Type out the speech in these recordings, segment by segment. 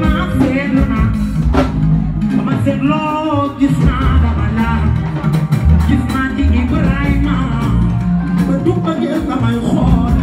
naa seetlu naa dama seetloo gis naa dama laa gis naa ci Ibrahima ba du bëggee samay xool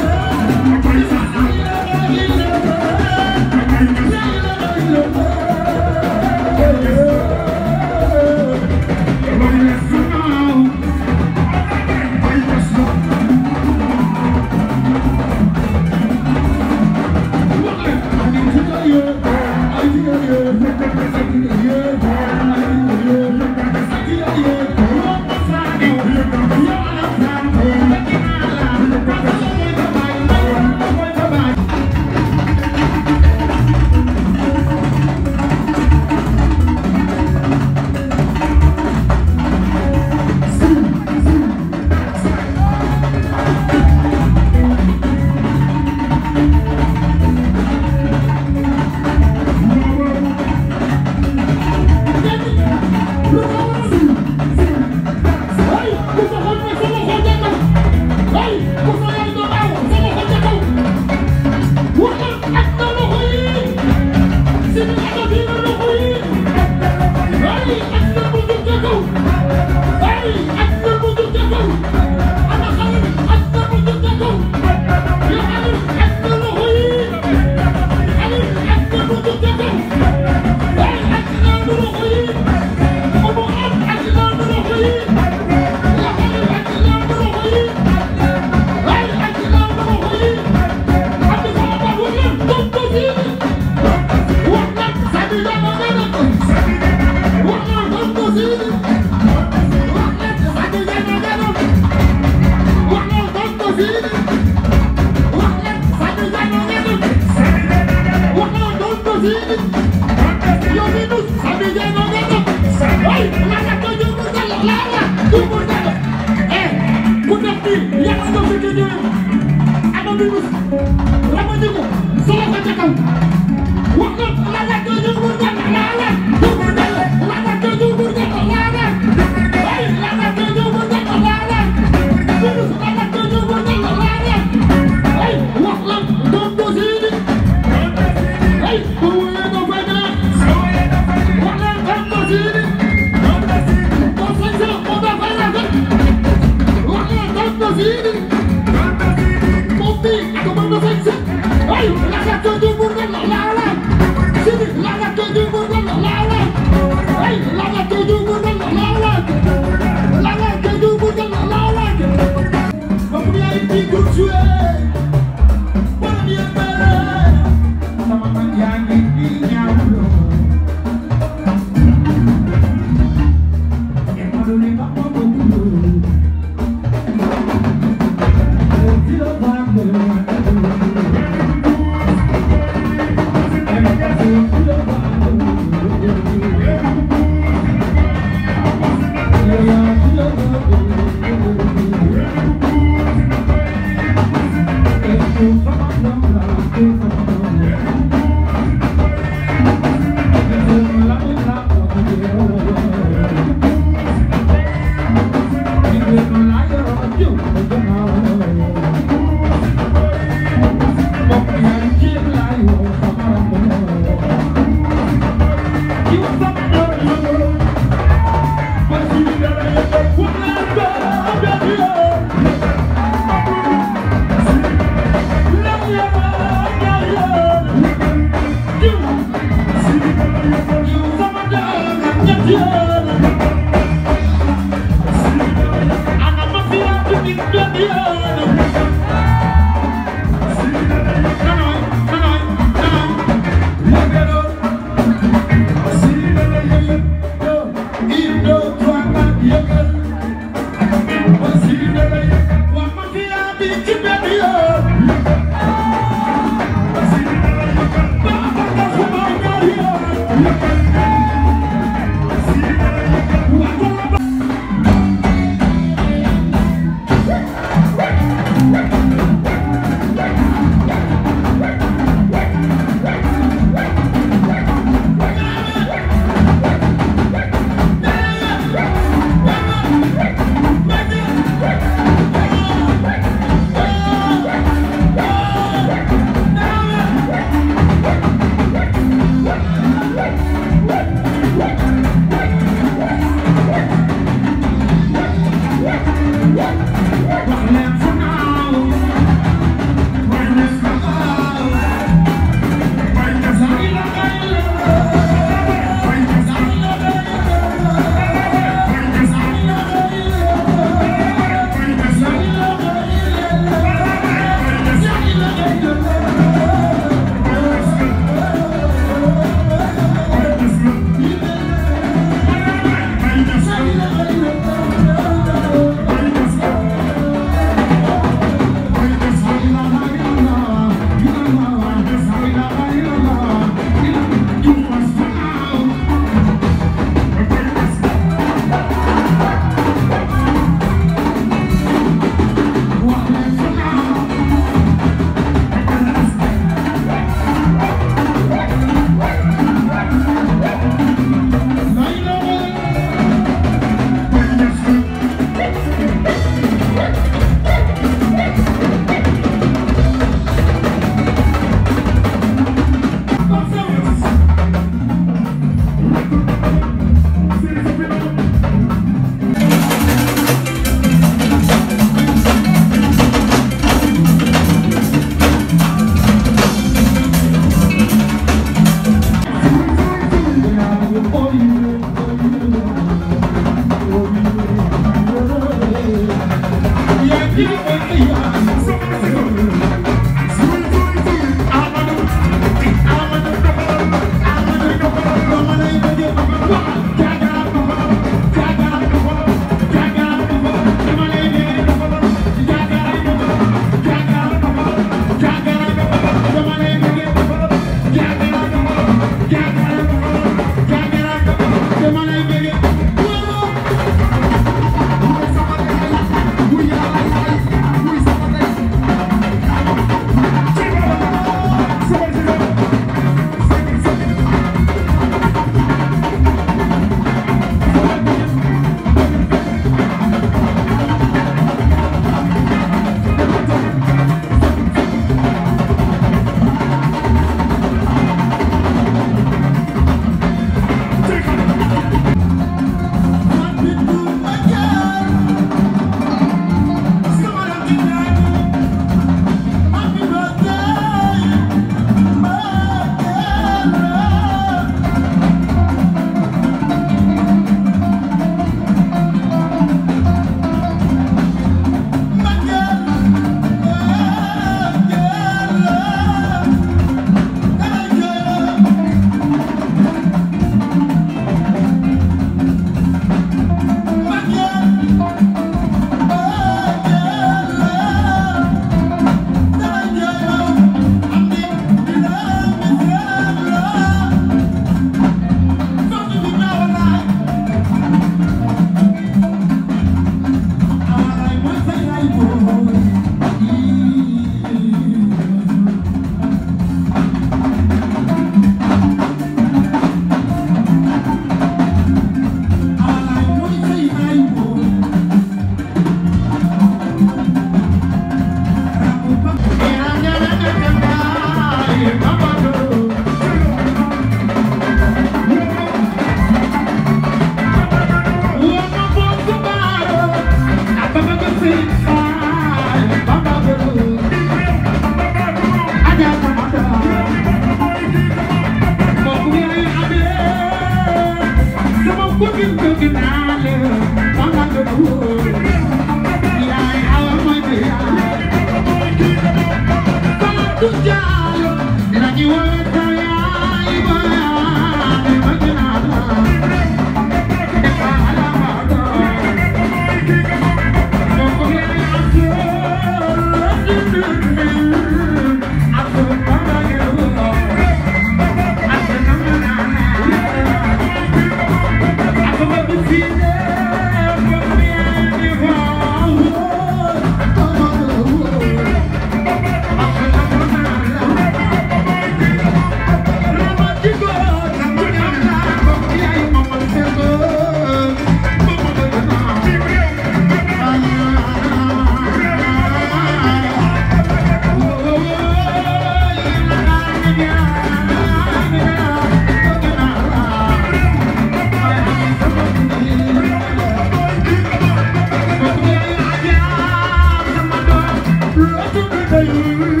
Hallelujah.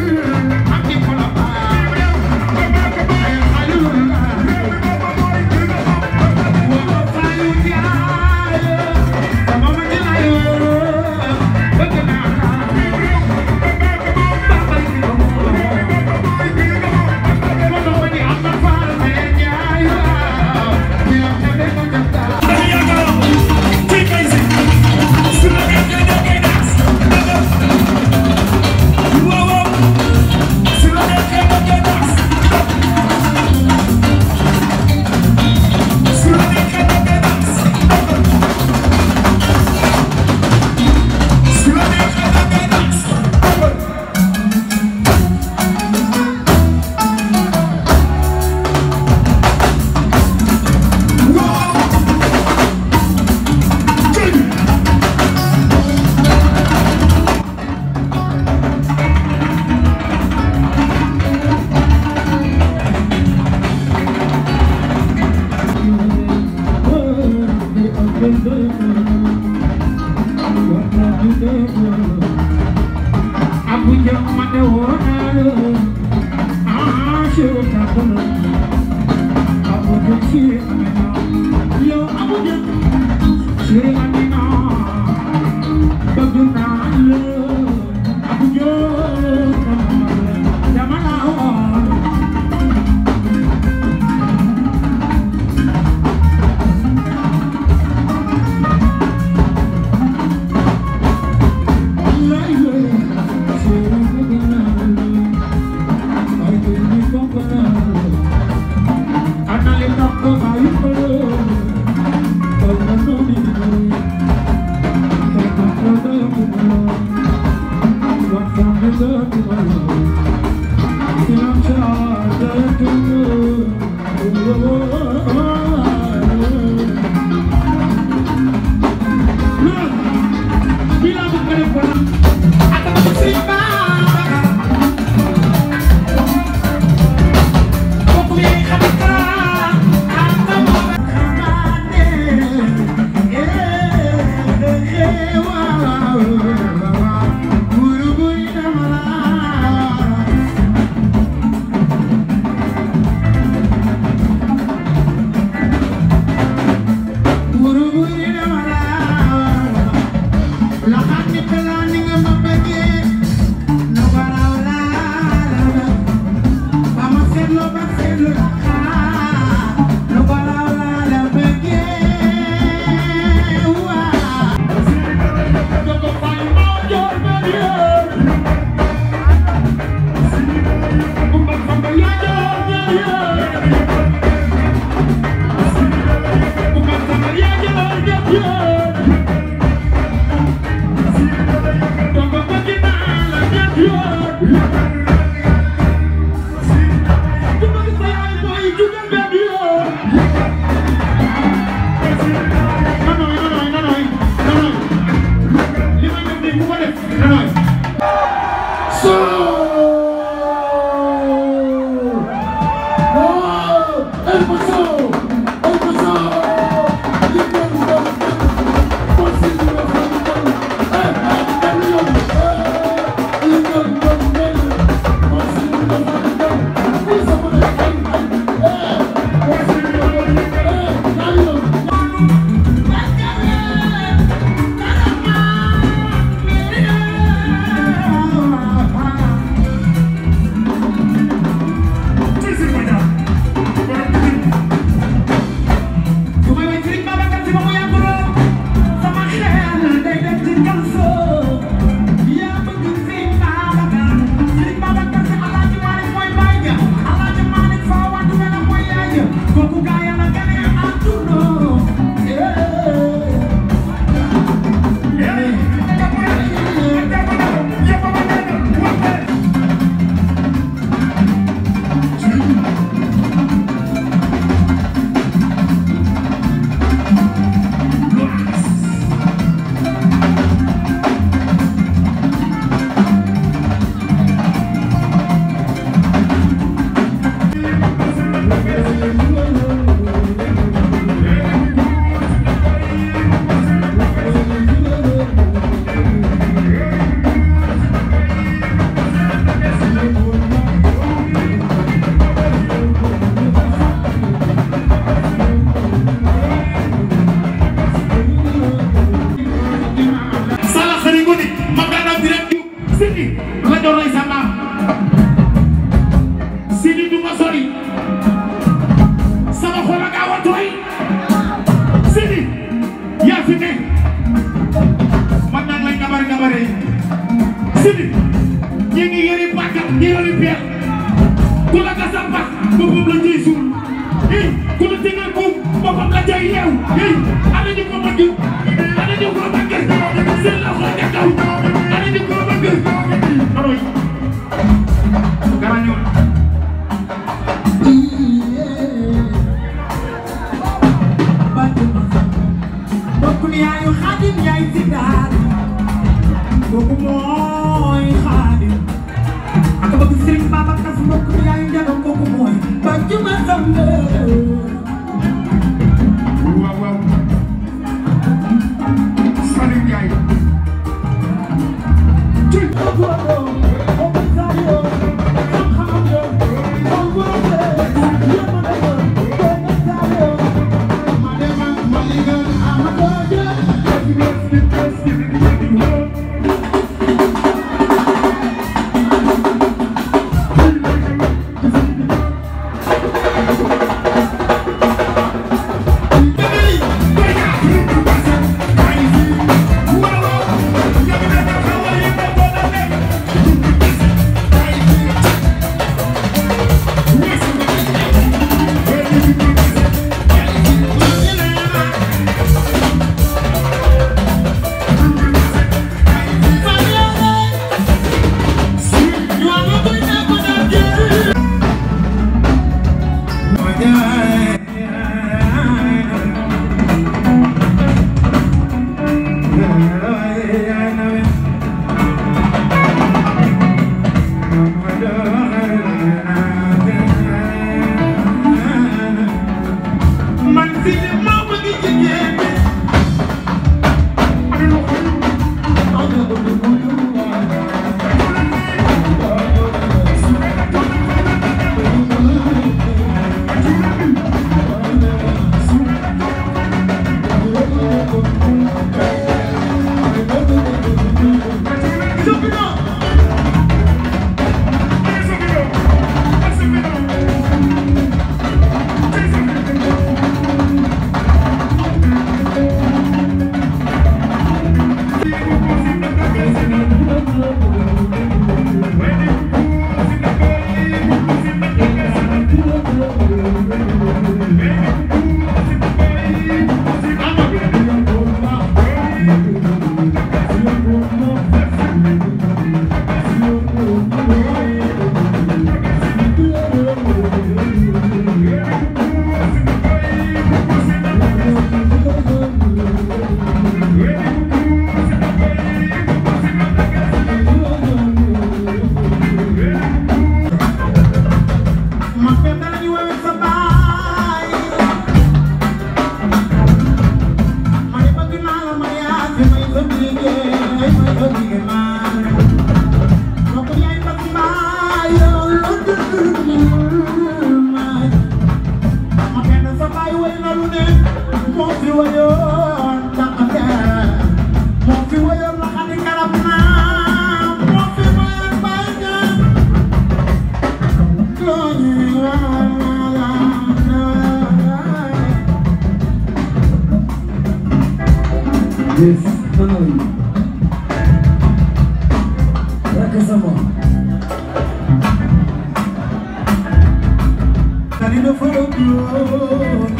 Marina for a good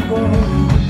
boy.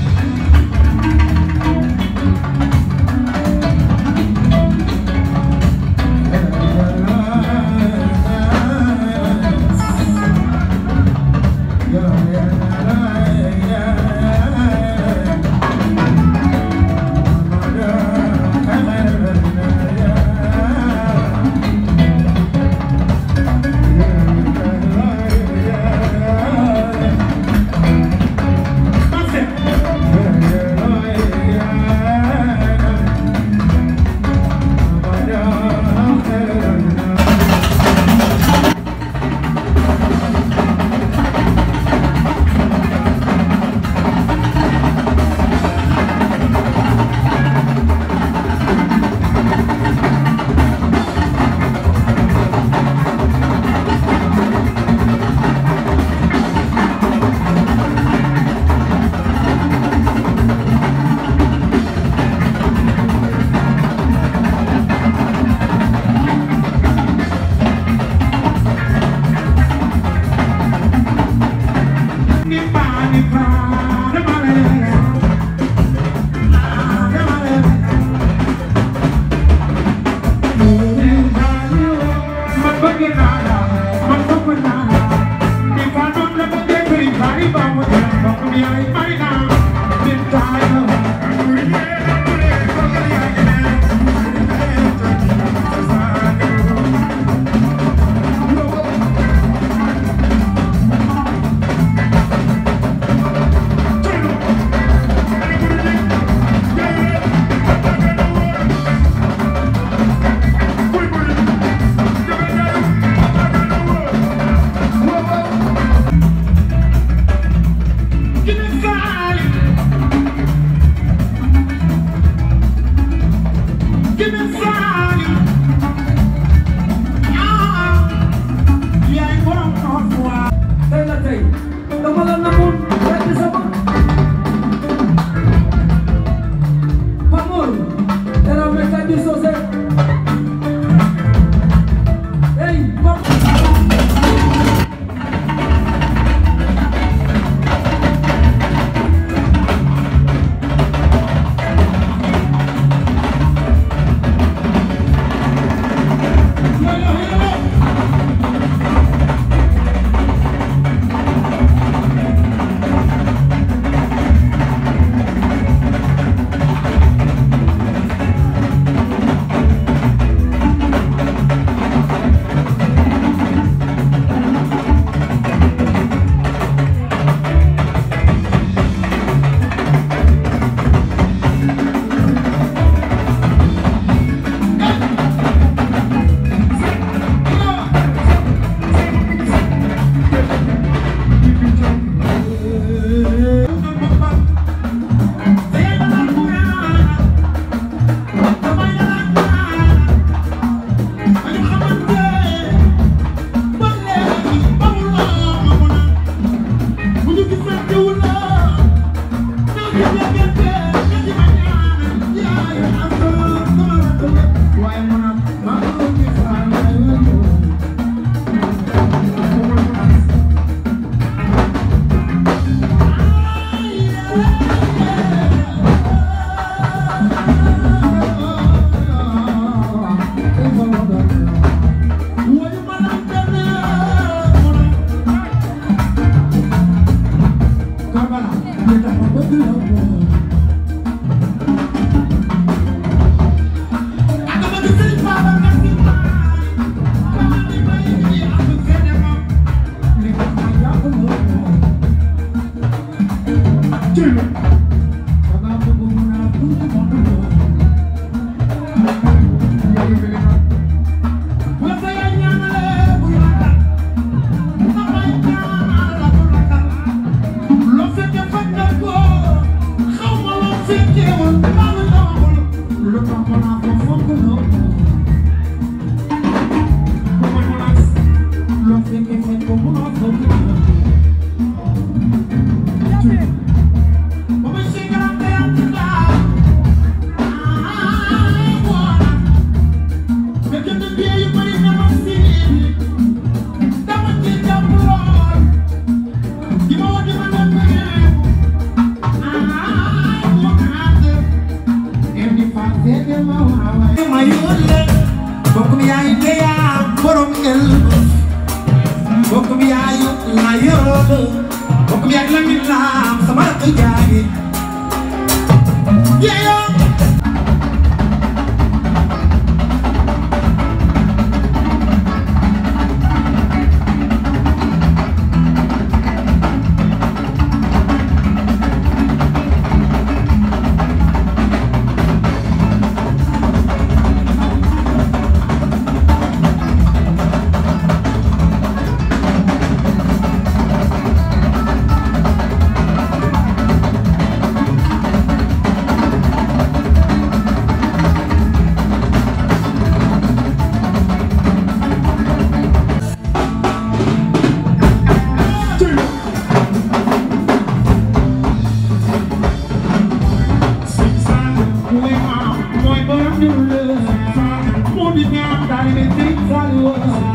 Thank you.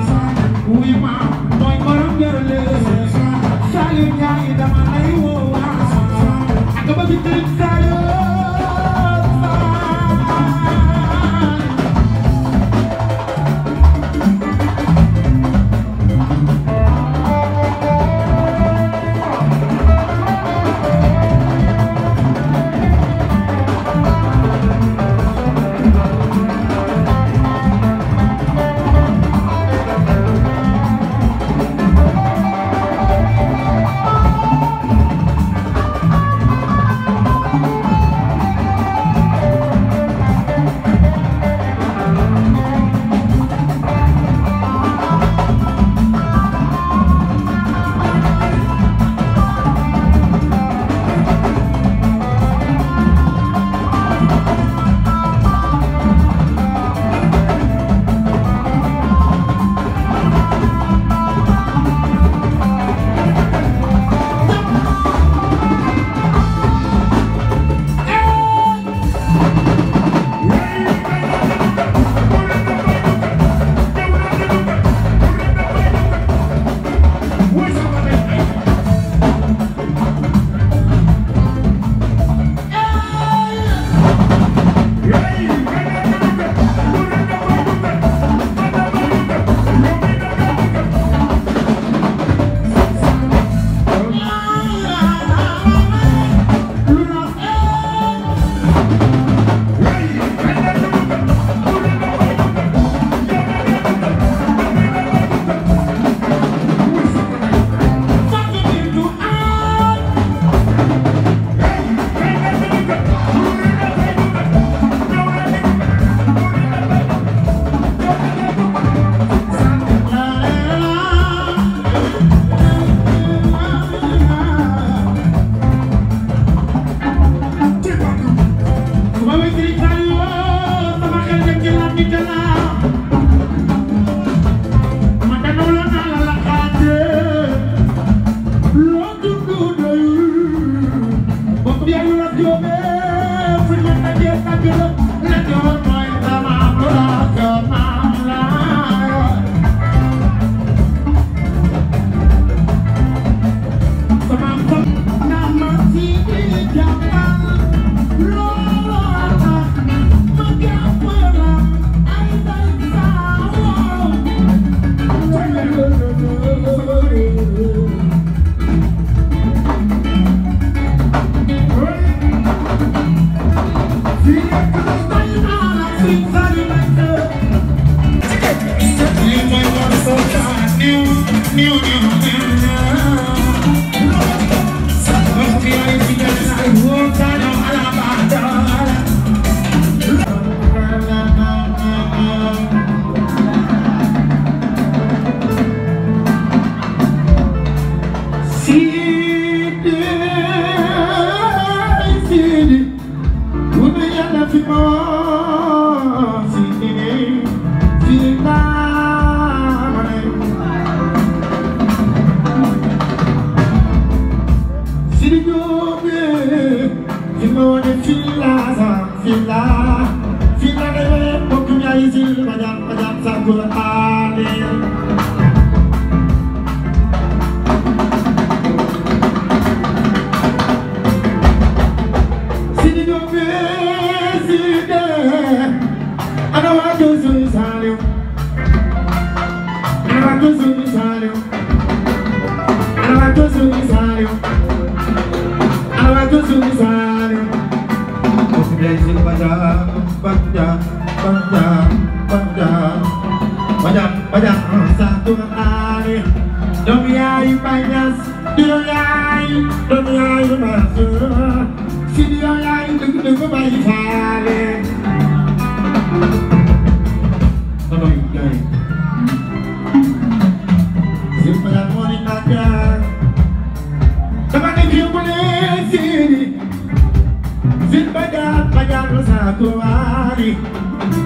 Sénégal ma jàll saako waali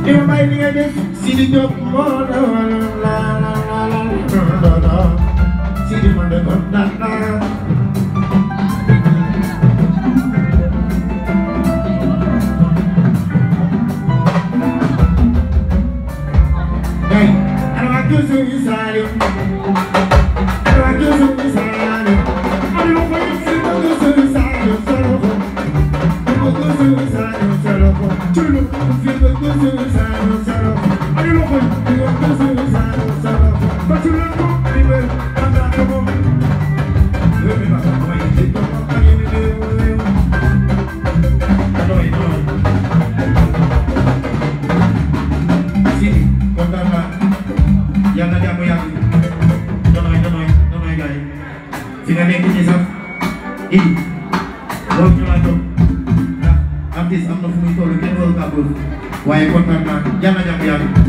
di ma may li nga def Sidi Diop moo la wala la la la la la Sidi ma ne ko daan Salim But you look kontaan naa yàlla na jàmm yàlla